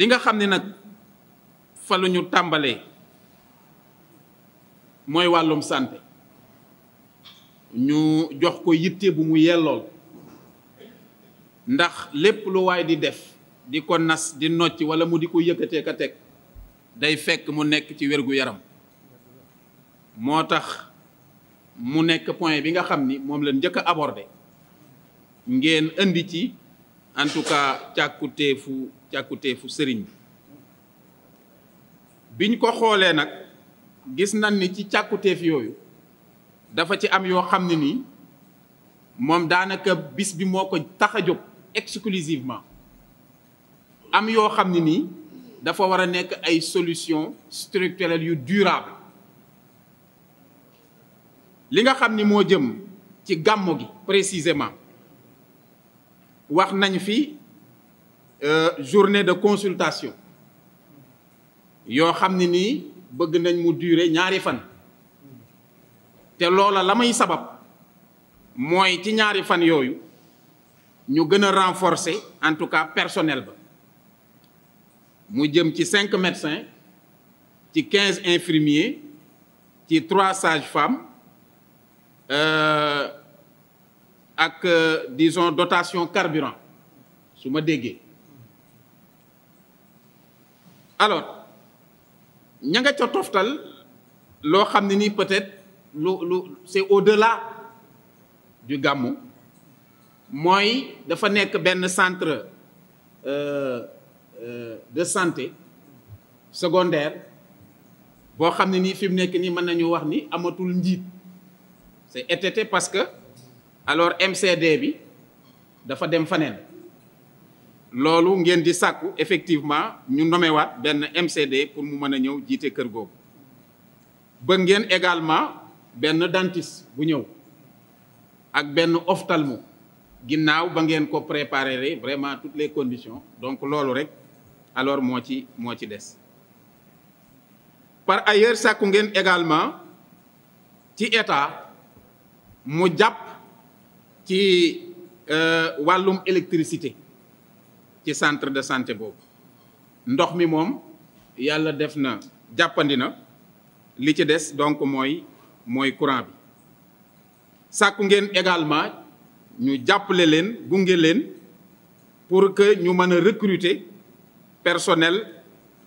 li nga xam ne nag fa ñu tàmbalee mooy wàllum santé ñu jox ko yitte bu mu yellool ndax lépp lu waay di def di ko nas di nocc wala mu di ko yëkkatee ka teg day fekk mu nekk ci wér yaram moo tax mu nekk point bi nga xam ni moom la njëkk a ngeen indi ci en tout càkkuteefu càkkuteefu sëriñ bi biñ ko xoolee nag gis nañ ni ci càkkuteef yooyu dafa ci am yoo xam ne nii moom daanaka bis bi moo ko tax a jóg exclusivement am yoo xam ne nii dafa war a nekk ay solution structurelle yu durable li nga xam ni moo jëm ci gàmmu gi précisément wax nañ fi Euh, journée de consultation yoo xam ne nii bëgg nañ mu durer ñaari fan te loola la may sabab mooy ci ñaari fan yooyu ñu gën a renforcer en tout cas personnel ba mu jëm ci cinq médecins ci quinze infirmiers ci trois sages-femmes euh, ak euh, disons dotation carburant su ma déggee alors ña nga ca toftal loo xam ne ni peut-être lu lu c'est au-delà du gàmmu mooy dafa nekk benn centre euh, euh, de santé secondaire boo xam ne nii fi mu nekk nii mën nañu wax ni amatul njiit c'est étété parce que alors MCD bi dafa dem faneen loolu ngeen di sàkku effectivement ñu nomewaat benn MCD pour mu mën a ñëw jiite kër googu ba ngeen également benn dentiste bu ñëw ak benn ophtalmo ginnaaw ba ngeen ko préparer vraiment toutes les conditions donc loolu rek alors moo ci moo ci des par ailleurs sàkku ngeen également ci état mu jàpp ci euh, wàllum électricité ci centre de santé boobu ndox mi moom yàlla def na jàppandi na li ci des donc mooy mooy courant bi sàkku ngeen également ñu jàppale leen gunge leen pour que ñu mën a recruter personnel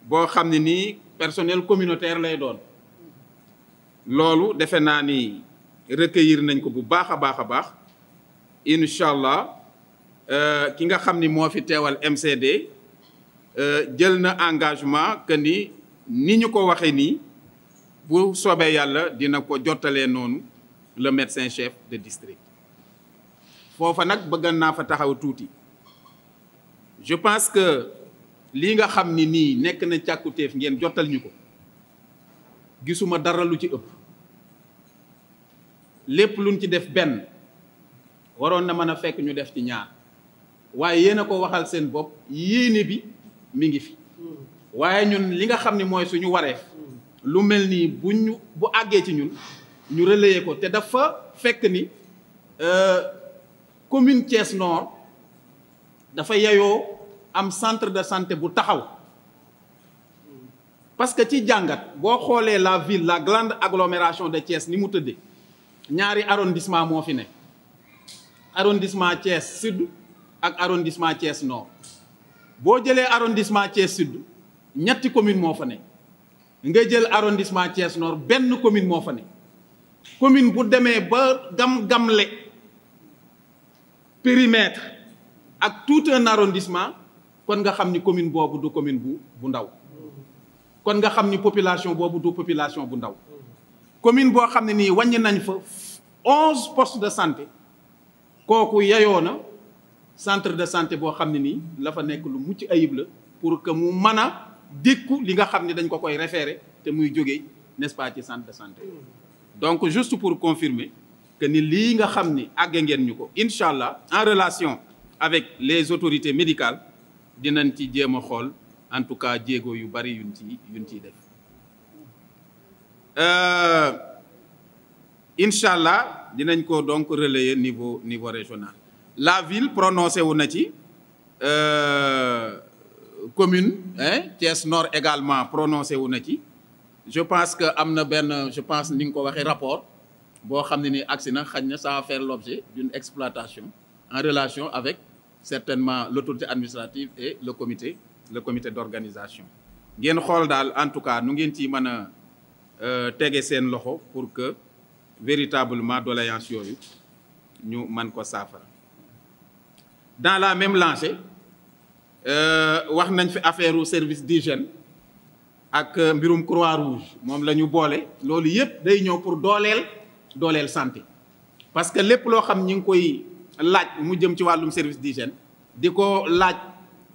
boo xam ne ni personnel communautaire lay doon loolu defe naa ni recueillir nañ ko bu baax a baax a baax incha Euh, ki nga xam ni moo fi teewal MCD euh, jël na engagement que ni ni ñu ko waxee nii bu soobee yàlla dina ko jottalee noonu le médecin chef de district. foofa nag bëggan naa fa taxaw tuuti je pense que lii nga xam ni nii nekk na càkkutéef ngeen jottal ñu ko gisuma dara lu ci ëpp lépp luñ ci def benn waroon na mën a fekk ñu def ci ñaar. waaye yéen a ko waxal seen bopp yéene bi mi ngi fi waaye ñun li nga xam ni mooy suñu waree lu mel nii bu ñu bu àggee ci ñun ñu relayer ko te dafa fekk ni euh, commune Thiès Nord dafa yayoo am centre de santé bu taxaw parce que ci jàngat boo xoolee la ville la grande agglomération de Thiès ni mu tëddee ñaari arrondissement moo fi ne arrondissement Thiès sud ak arrondissement Thiès Nord boo jëlee arrondissement Thiès Sud ñetti commune moo fa ne nga jël arrondissement Thiès Nord benn commune moo fa ne commune bu demee ba gam-gamle périmètre ak tout un arrondissement kon nga xam ni commune boobu du commune bu bu ndaw kon nga xam ni population boobu du population bu ndaw commune boo xam ne nii wàññi nañ fa onze postes de santé kooku yayoo na centre de santé boo xam ne nii la fa nekk lu mucc ayib la pour que mu mën a dékku li nga xam ne dañ ko koy référé te muy jógee n'est-ce pas ci centre de santé donc juste pour confirmer que ni lii nga xam ni àgg ngeen ñu ko incha allah en relation avec les autorités médicales dinañ ci jéem a xool en tout cas jéego yu bari yuñ ci yuñ ciy def euh, incha allah dinañ ko donc relayer niveau niveau régional la ville prononcé wu na ci euh, commune Thiès Nord également prononcé wu na ci je pense que am na benn je pense ni nga ko waxee rapport boo xam ne ni agsi na xañ na ça va faire l'objet d'une exploitation en relation avec certainement l'autorité administrative et le comité le comité d'organisation ngeen xool daal en tout cas nu ngeen ci mën a euh, tege seen loxo pour que véritablement doléance yooyu ñu mën ko saafara dans la même lancée euh, wax nañ fi affaire au service d'hygiène ak euh, mbirum Croix-Rouge moom la ñu boole loolu yëpp day ñëw pour dooleel dooleel santé parce que lépp loo xam ñi ngi koy laaj mu jëm ci wàllum service d'hygiène di ko laaj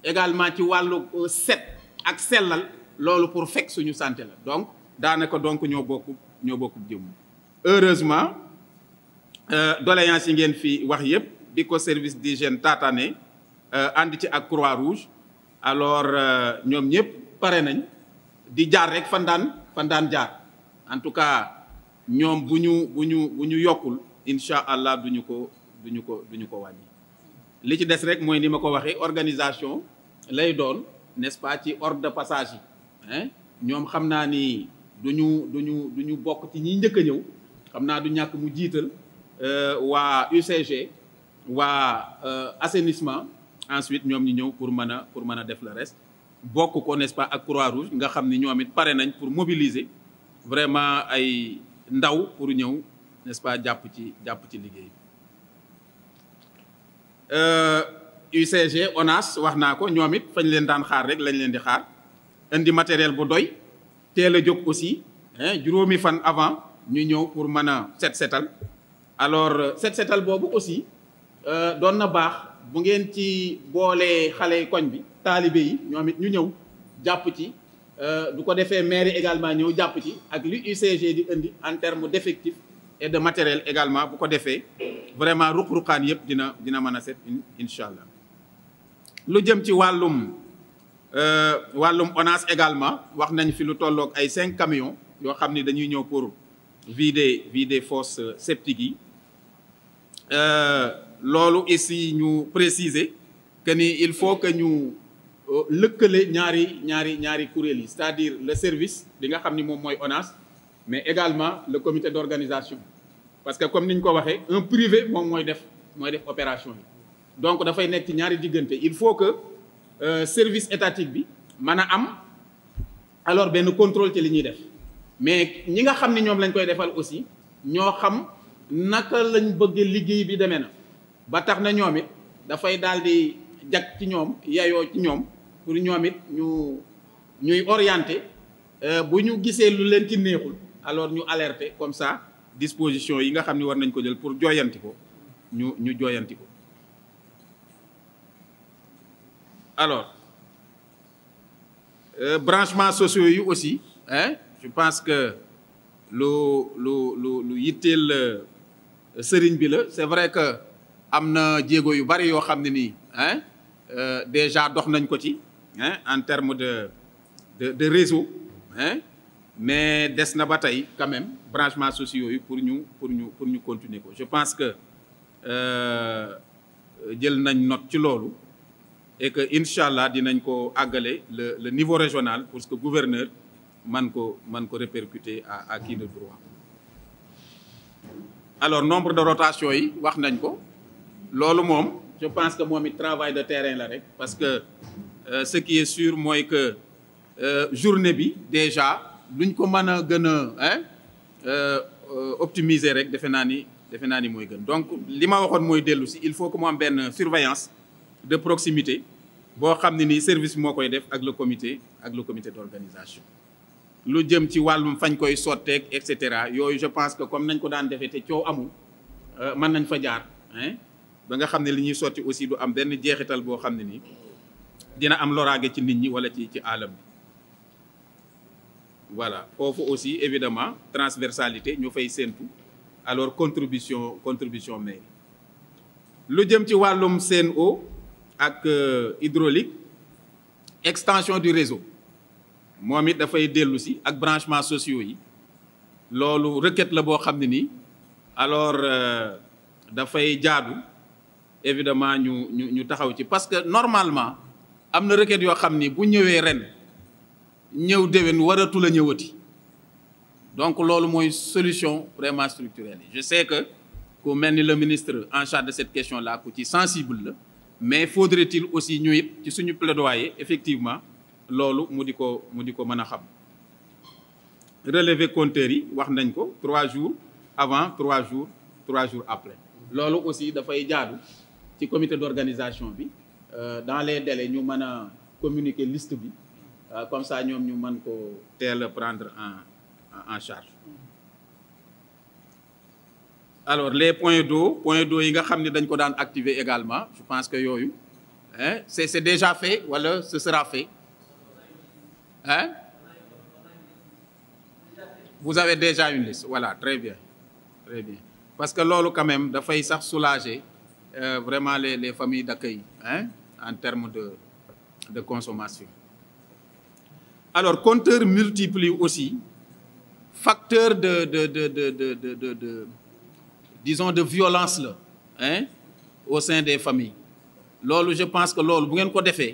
également ci wàllu euh, set ak sellal loolu pour fekk suñu santé la donc daanaka donc ñoo bokk ñoo bokk jëm heureusement doléances yi ngeen fi wax yëpp di ko service d'hygiène taataane ànd euh, ci ak croix rouge alors euh, ñoom ñëpp pare nañ di jaar rek fan daan fan daan jaar en tout cas ñoom bu ñu bu ñu bu ñu yokkul incha allah duñu ko duñu ko duñu ko wàññi li ci des rek mooy ni ma ko waxee organisation lay doon nest pas ci ordre de passage yi ñoom xam naa ni du ñu duñu ñu bokk ci ñi njëkk a ñëw xam naa du ñàkk mu jiital euh, waa UCG waa euh, assainissement ensuite ñoom ñu ñëw pour mën a pour mën a def le reste bokk ko n'est-ce pas ak Croix-Rouge nga xam ni ñoom it pare nañ pour mobiliser vraiment ay ndaw pour ñëw n'est-ce pas jàpp ci jàpp ci liggéey UCG euh, ONAS wax naa ko ñoom it fañ leen daan xaar rek lañ leen di xaar indi matériel bu doy teel a jóg aussi juróomi fan avant ñu ñëw pour mën a set setal alors euh, set setal boobu aussi Euh, doon na baax bu ngeen ci boolee xale yi koñ bi taalibe yi ñoom it ñu ñëw jàpp ci du euh, ko defee mairie également ñëw jàpp ci ak li UCG di indi en terme d' effectif et de matériel également bu ko defee vraiment ruq-ruqaan yëpp dina dina mën a set incha allah lu jëm ci wàllum euh, wàllum ONAS également wax nañ fi lu tolloog ay cinq camions yoo xam ni dañuy ñëw pour vider vider fosse septique yi loolu ici ñu préciser que ni il faut que ñu euh, lëkkale ñaari ñaari ñaari kuréel yi c'est-à-dire le service bi nga xam ni moom mooy ONAS mais également le comité d'organisation parce que comme ni ñu ko waxee un privé moom mooy def mooy def opération yi donc dafay nekk ñaari diggante il faut que euh, service étatique bi mën a am alors benn contrôle ci li ñuy def mais ñi nga xam ni ñoom lañ koy defal aussi ñoo xam naka lañ bëgg liggéey bi demee na ba tax na ñoom dafay daal di jag ci ñoom yayoo ci ñoom pour ñoom it ñu ñuy orienté euh, bu ñu gisee lu leen ci neexul alors ñu alerter comme ça disposition yi nga xam ne war nañ ko jël pour joyanti ko ñu ñu jooyanti ko alors euh, branchements sociaux yi aussi hein je pense que lu lu lu lu yitteel euh, sëriñ bi la c'est vrai que am na jéego yu bari yoo xam ne nii hein euh, déjà dox nañ ko ci en terme de de réseau hein mais des na ba tey quand même branchements sociaux yi pour ñu pour ñu pour ñu continuer ko je pense que euh, jël nañ note ci loolu et que incha allah dinañ ko àggale le le niveau régional pour que gouverneur man ko man ko répercuter à à qui de droit alors nombre de rotation yi wax nañ ko loolu moom je pense que moom it travail de terrain la rek parce que euh, ce qui est sûr mooy que euh, journée bi déjà luñ ko mën a gën a euh, euh, optimiser rek defe naa ni defe naa ni mooy gën donc li ma waxoon mooy dellu si il faut que mu am benn surveillance de proximité boo xam ne nii service bi moo koy def ak le comité ak le comité d'organisation lu jëm ci wàllum fañ koy sotteek et cetera yooyu je pense que comme nañ ko daan defee te coow amul euh, mën nañ fa jaar ba nga xam ne li ñuy sotti aussi du am benn jeexital boo xam ne nii dina am loraange ci nit ñi wala ci ci alam bi voilà foofu aussi évidemment transversalité ñu fay séentu alors contribution contribution mairie lu jëm ci wàllum seen o ak euh, hydraulique extension du réseau moom it dafay dellu si ak branchement sociaux yi loolu requête la boo xam ne nii alors euh, dafay jaadu évidemment ñu ñu ñu taxaw ci parce que normalement am na requête yoo xam ni bu ñëwee ren ñëw déwén waratul a ñëwati donc loolu mooy solution vraiment structurelle je sais que ku mel ni le ministre en charge de cette question là ku ci sensible la mais faudrait-il aussi ñu it ci suñu plaidoyer effectivement loolu mu di ko mu di ko mën a xam relever compteurs yi wax nañ ko trois jours avant trois jours trois jours après loolu aussi dafay jaadu ci comité d'organisation bi euh, dans les délais ñu mën a communiquer liste bi euh, comme ça ñoom ñu mën ko teel a prendre en en charge alors les point d'eau points d'eau yi nga xam ne dañ ko daan activer également je pense que yooyu hein c'est c'est déjà fait wala ce sera fait hein vous avez déjà une liste voilà très bien très bien parce que loolu quand dafay sax soulager euh, vraiment les, les familles d'accueil hein, en termes de, de consommation. Alors, compteur multiplie aussi facteur de, de, de, de, de disons, de violence la hein, au sein des familles. loolu je pense que loolu bu ngeen ko defee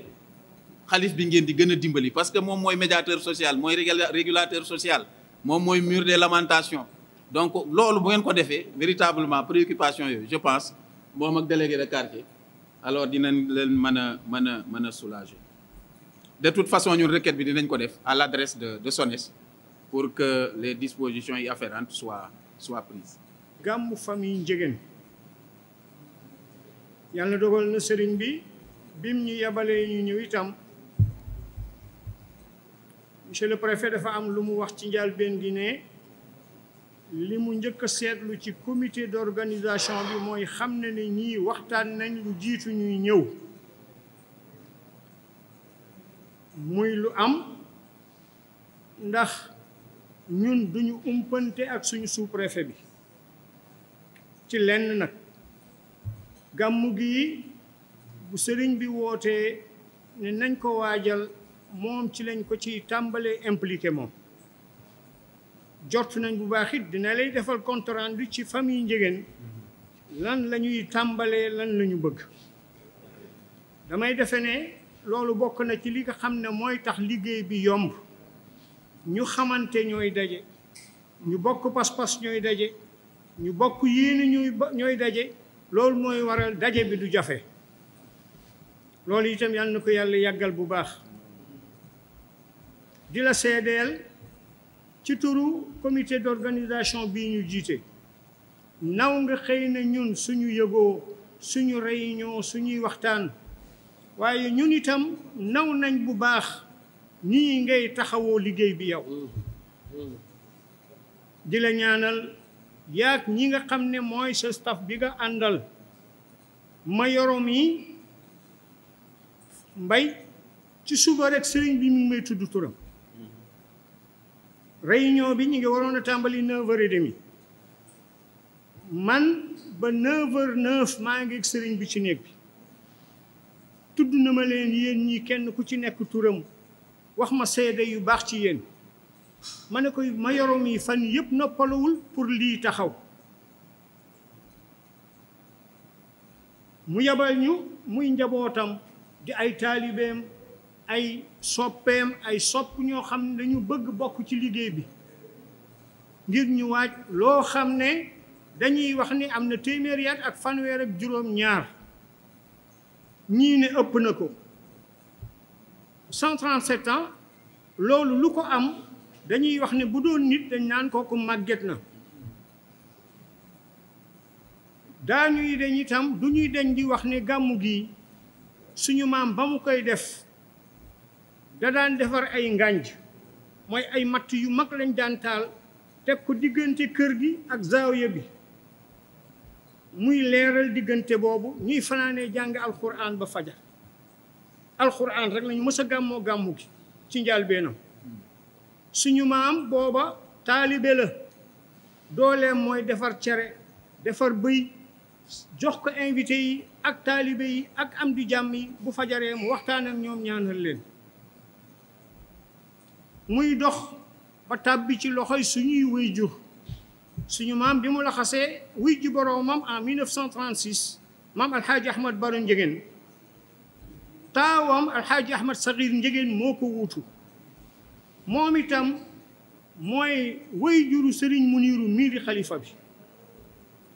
xalif bi ngeen di gën a dimbali parce que moom mooy médiateur social mooy régulateur social moom mooy mur des lamentations donc loolu bu ngeen ko defee véritablement préoccupation yooyu je pense moom ak délégué de quartier alors dina leen mën a mën a mën a soulager de toute façon ñun requête bi dinañ ko def à l'adresse de de SONES pour que les dispositions y afférentes soient soient prises. gàmmu famille Ndiéguène yàlla dogal na sëriñ bi bim ñu yebalee ñu ñëw itam monsieur le préfet dafa am lu mu wax ci njaal benn gi ne. li mu njëkk a seetlu ci commité d'organisation bi mooy xam na ni ñii waxtaan nañ lu jiitu ñuy ñëw muy lu am ndax ñun duñu umpante ak suñu sous-préfet bi ci lenn nag gàmmu gi bu sëriñ bi wootee ne nañ ko waajal moom ci lañ ko ci tàmbalee impliqué moom jot nañ bu baax it dina lay defal compte rendu ci famille Ndiéguène lan lañuy tàmbalee lan la ñu bëgg damay defe ne loolu bokk na ci li nga xam ne mooy tax liggéey bi yomb ñu xamante ñooy daje ñu bokk pas-pas ñooy daje ñu bokk yéene ñuy ñooy daje loolu mooy waral daje bi du jafe loolu itam yal na ko yàlla yàggal bu baax di la seedeel ci turu comité d'organisation bii ñu jiite naw nga xëy na ñun suñu yëgoo suñu réunion suñuy waxtaan waaye ñun itam naw nañ bu baax nii ngay taxawoo liggéey bi yow mm. Mm. di la ñaanal yaag ñi nga xam ne mooy sa staff bi nga àndal ma yorom yi mbay ci suba rek sëriñ bi mu ngi may tudd turam réunion bi ñu ngi waroon a tàmbali neuf heures demi man ba neuf heures neuf maa ngi ak sëriñ bi ci néeg bi tudd na ma leen yéen ñi kenn ku ci nekk turam wax ma seede yu baax ci yéen ma ne koy ma yoroom yi fan yëpp noppalawul pour lii taxaw mu yabal ñu muy njabootam di ay taalibeem ay soppeem ay sopp ñoo xam ne dañu bëgg bokk ci liggéey bi ngir ñu waaj loo xam ne dañuy wax ni am na téeméeri at ak fanweer ak juróom ñaar ñii ne ëpp na ko 137 ans loolu lu ko am dañuy wax ne bu doon nit dañ naan kooku màgget na daañuy dañ itam du ñuy dañ di wax ne gàmmu gi suñu maam ba mu koy def da daan defar ay ngànj mooy ay matt yu mag lañ daan taal teg ko diggante kër gi ak zaawiya bi muy leeral diggante boobu ñuy fanaanee jàng alxuraan ba fajar alxuraan rek lañu mës a gàmmoo gàmmu ki ci njàlbeenam suñu maam booba taalibe la dooleem mooy defar cere defar bëy jox ko invité yi ak taalibe yi ak am du jàmm yi bu fajaree mu waxtaan ak ñoom ñaanal leen muy dox ba tàbbi ci loxoy suñuy waajur suñu maam bi mu laxasee wuy ji boroomam en 1936 maam alxaaji ahmad baro njegéen taawam alxaaji ahmad saxiir njegéen moo ko wuutu moom itam mooy waajuru sëriñ muniiru mii di xalifa bi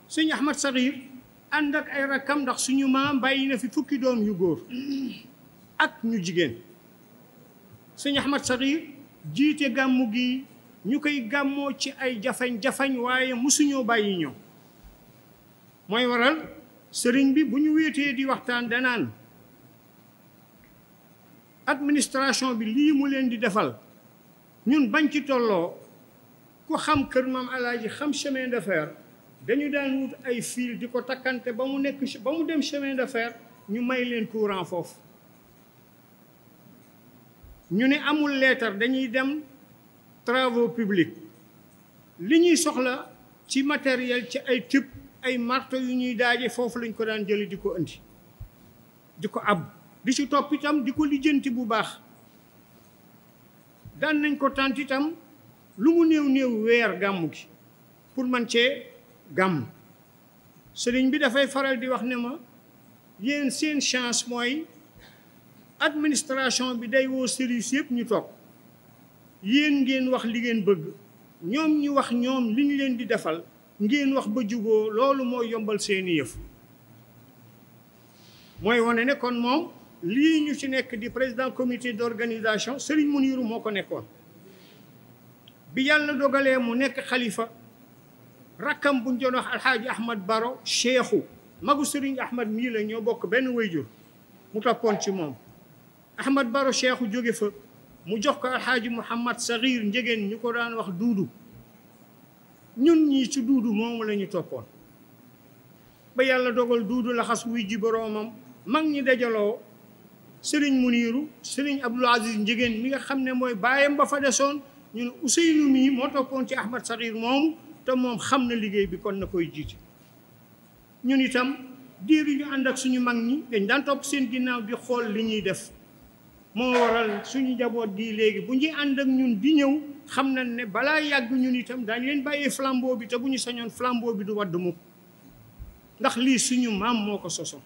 sëriñ ahmad saxiir ànd ak ay rakkam ndax suñu maam bàyyi na fi fukki doom yu góor ak ñu jigéen sëriñ ahmad saxiir jiite gàmmu gi ñu koy gàmmoo ci ay jafañ-jafañ waaye mosuñoo bàyyi ñoo mooy waral sëriñ bi bu ñu wéetee di waxtaan danaan administration bi lii mu leen di defal ñun bañ ci tolloo ku xam kër maam alaaji xam chemin de fer dañu daan wut ay fil di ko takkante ba mu nekk ba mu dem chemin de fer ñu may leen courant foofu ñu ne amul leetar dañuy dem travaux publics li ñuy soxla ci matériel ci ay tub ay marto yu ñuy daaje foofu lañ ko daan jëli di ko indi di ko ab di ci topp itam di ko lijjanti bu baax daan nañ ko tant itam lu mu néew néew weer gàmmu gi pour man cee gàmm sëriñ bi dafay faral di wax ne ma yéen seen chance mooy administration bi day woo service yëpp ñu toog yéen ngeen wax li ngeen bëgg ñoom ñu wax ñoom li ñu leen di defal ngeen wax ba juboo loolu mooy yombal seeni yëf mooy wane ne kon moom lii ñu ci nekk di président comité d'organisation Serigne Mouniru moo ko nekkoon bi yàlla dogalee mu nekk xalifa rakkam buñ doon wax alxaaji Ahmad Baro cheikhu magu Serigne Ahmad mii la ñoo bokk benn wayjur mu toppoon ci moom Ahmad Baro Cheikhu jóge fa mu jox ko alxaaji Mouhamad Saxiir njegéen ñu ko daan wax duudu ñun ñii ci duudu moomu la ñu toppoon ba yàlla dogal duudu laxas wuy ji boroomam mag ñi dajaloo sëriñ mu Muniiru sëriñ Abdul Aziz njegéen mi nga xam ne mooy baayam ba fa desoon ñun Useynu mii moo toppoon ci Ahmad Saxiir moomu te moom xam na liggéey bi kon na koy jiite ñun itam diiru ñu ànd ak suñu mag ñi dañ daan topp seen ginnaaw di xool li ñuy def moo waral suñu njaboot gi léegi bu ñuy ànd ak ñun di ñëw xam nañ ne balaa yàgg ñun itam daañu leen bàyyee flambeau bi te bu ñu sañoon flambeau bi du wadd mukk ndax lii suñu maam moo ko soso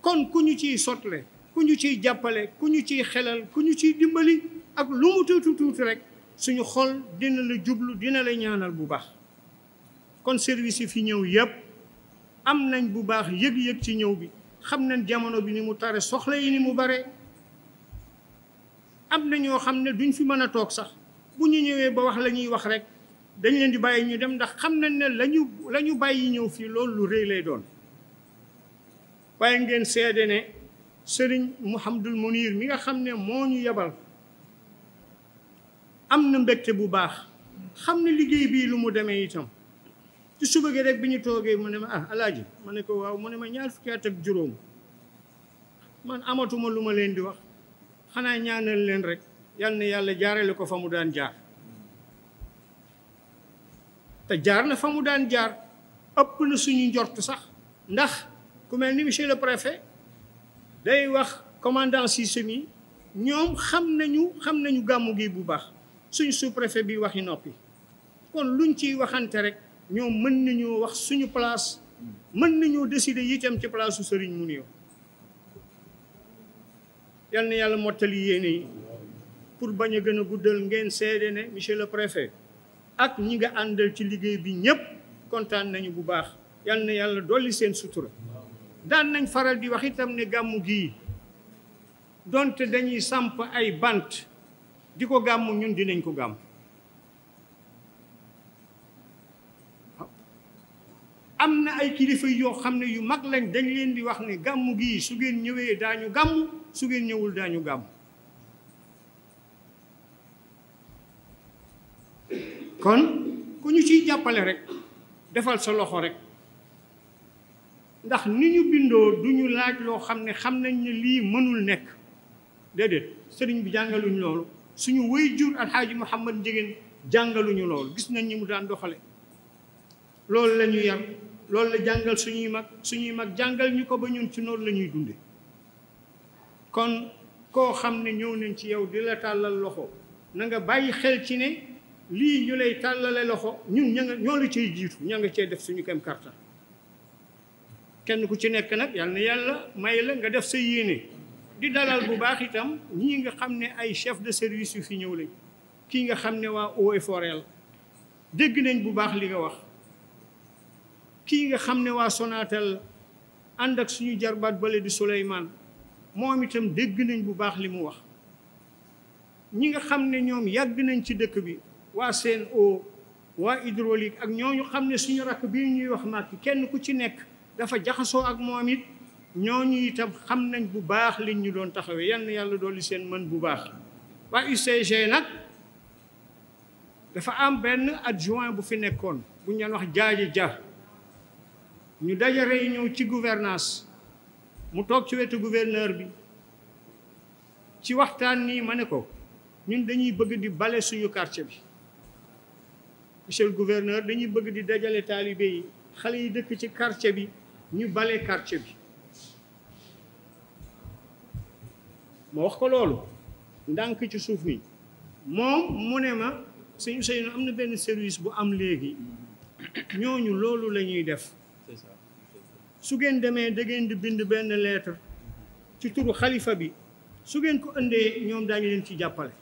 kon ku ñu ciy sotle ku ñu ciy jàppale ku ñu ciy xelal ku ñu ciy dimbali ak lu mu tuuti tuuti rek suñu xol dina la jublu dina la ñaanal bu baax kon service yi fi ñëw yëpp am nañ bu baax yëg-yëg ci ñëw bi xam nañ jamono bi ni mu tare soxla yi ni mu bare am na ñoo xam ne duñ fi mën a toog sax bu ñu ñëwee ba wax la ñuy wax rek dañ leen di bàyyi ñu dem ndax xam nañ ne la ñu la bàyyi ñëw fii loolu lu rëy lay doon waaye ngeen seede ne sëriñ mu xam Mouhamadul Mounir mi nga xam ne moo ñu yebal am na mbégte bu baax xam ne liggéey bii lu mu demee itam ci suba gi rek bi ñu toogee mu ne ma ah alaaji ma ne ko waaw mu ne ma ñaar fukki at juróom man amatuma lu ma leen di wax xanaa ñaanal leen rek yal na yàlla jaarale ko fa mu daan jaar te jaar na fa mu daan jaar ëpp na suñu njort sax ndax ku mel ni monsieur le préfet day wax commandant si yi ñoom xam nañu xam nañu gàmmu gi bu baax suñ sous préfet bi waxi noppi kon luñ ciy waxante rek ñoom mën nañoo wax suñu place mën nañoo décider itam ci place su Serigne Mounirou yal yàlla mottali yéene yi pour bañ a gën a guddal ngeen seede ne monsieur le ak ñi nga àndal ci liggéey bi ñëpp kontaan nañu bu baax yal na yàlla dolli seen sutura daan nañ faral di wax itam ne gàmmu gii donte dañuy samp ay bant di ko gàmmu ñun dinañ ko gàmm am na ay kilifa yoo xam ne yu mag lañ dañ leen di wax ne gàmmu gii su ngeen ñëwee daañu gàmmu su ngeen ñëwul daañu gàmm kon ku ñu ciy jàppale rek defal sa loxo rek ndax ni ñu bindoo du ñu laaj loo xam ne xam nañ ne lii mënul nekk déedéet sëriñ bi jàngaluñ loolu suñu wéy jur alxaaji muhammad njegéen jàngaluñu loolu gis nañ ñi mu daan doxale loolu lañu ñu yar loolu la jàngal suñuy mag suñuy mag jàngal ñu ko ba ñun ci noonu lañuy ñuy dunde kon koo xam ne ñëw nañ ci yow di la tàllal loxo na nga bàyyi xel ci ne lii ñu lay tàllale loxo ñun ña nga ñoo la ciy jiitu ña nga cee def suñu kem karta kenn ku ci nekk nag yal na yàlla may la nga def sa yéene di dalal bu baax itam ñi nga xam ne ay chef de service yu fi ñëw lañ kii nga xam ne waa eaux et forêt dégg nañ bu baax li nga wax kii nga xam ne waa Sonatel ànd ak suñu jarbaat bale di Souleymane moom itam dégg nañ bu baax li mu wax ñi nga xam ne ñoom yàgg nañ ci dëkk bi waa CNO waa hydraulique ak ñooñu xam ne suñu rakk bi ñuy wax màkk kenn ku ci nekk dafa jaxasoo ak moom it ñoo ñu itam xam nañ bu baax liñ ñu doon taxawee yal na yàlla dolli seen mën bu baax waa UCG nag dafa am benn adjoint bu fi nekkoon bu ñu wax jaaji jar ñu daje ñëw ci gouvernance mu toog ci wetu gouverneur bi ci waxtaan nii ma ne ko ñun dañuy bëgg di bale suñu quartier bi monsieur le gouverneur dañuy bëgg di dajale taalibe yi xale yi dëkk ci quartier bi ñu bale quartier bi ma wax ko loolu ndànk ci suuf nii moom mu ne ma suñu sëy am na benn service bu am léegi ñooñu loolu la ñuy def su ngeen demee da ngeen di bind benn lettre ci turu xalifa bi su ngeen ko indee ñoom daañu leen ci jàppale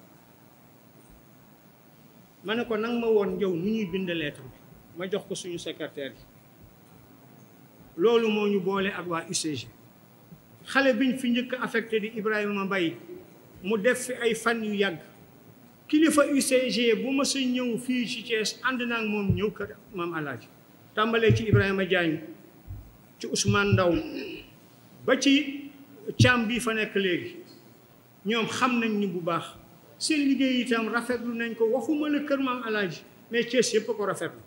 ma ne ko nang ma woon njaw nu ñuy bind lettre bi ma jox ko suñu secrétaire loolu moo ñu boole ak waa UCG xale biñ fi njëkk affecté di Ibrahima mbay mu def fi ay fan yu yàgg kilifa UCG bu ma sa ñëw fii ci Thiès ànd naa moom ñëw kër maam Alaaji tàmbalee ci Ibrahima Diagne ci Ousmane Ndaw ba ci càmm bii fa nekk léegi ñoom xam nañ ni bu baax seen liggéey itam rafetlu nañ ko waxuma la kër maam alaaji mais Thiès yëpp a ko rafetlu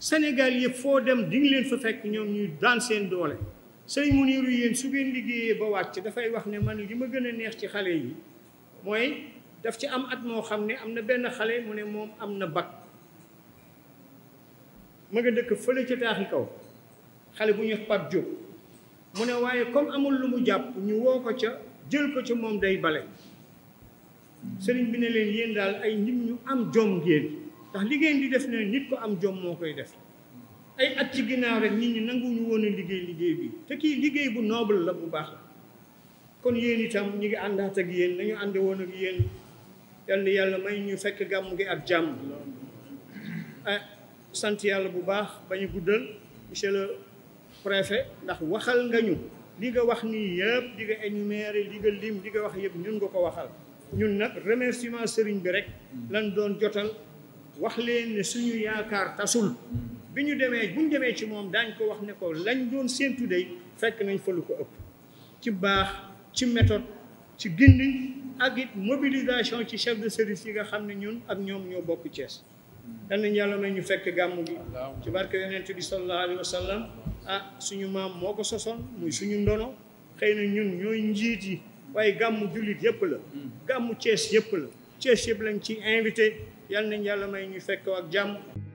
senegal yëpp foo dem di leen fa fekk ñoom ñuy daan seen doole sëñ Muniru yéen su ngeen liggéeyee ba wàcc dafay wax ne man li ma gën a neex ci xale yi mooy daf ci am at moo xam ne am na benn xale mu ne moom am na bac ma nga dëkk fële ca taaxi kaw xale bu ñu Pape Diop mu ne waaye comme amul lu mu jàpp ñu woo ko ca jël ko ca moom day bale sëriñ bi ne leen yéen daal ay nit ñu am jom ngeen ndax li ngeen di def ne nit ko am jom moo koy def ay at ci ginnaaw rek nit ñi nanguñu woon liggéey liggéey bi te kii liggéey bu noble la bu baax la kon yéen itam ñu ngi àndaat ak yéen nañu ànde woon ak yenn yal yàlla may ñu fekk gàmmu gi ak jàmm ah sant yàlla bu baax bañu guddal monsieur préfet ndax waxal nga ñu li nga wax nii yëpp di nga énumérer di nga lim li nga wax yëpp ñun nga ko waxal ñun nag remerciement sëriñ bi rek lan doon jotal wax leen suñu yaakaar tasul bi ñu demee bu ñu demee ci moom daañ ko wax ne lañ doon séentu day fekk nañ fa lu ko ëpp ci baax ci méthode ci gindi ak it mobilisation ci chef de service yi nga xam ne ñun ak ñoom ñoo bokk Thiès yal nañu yàlla may ñu fekk gàmm gi ci barke yonent bi sallallahu alayhi wa sallam ah suñu maam moo ko sosoon muy suñu ndono xëy na ñun ñooy njiit yi waaye gàmm jullit yëpp la hmm. gàmmu Cees yëpp la Cees yëpp lañ ci invité yal nañ yàlla may ñu fekk ak jàmm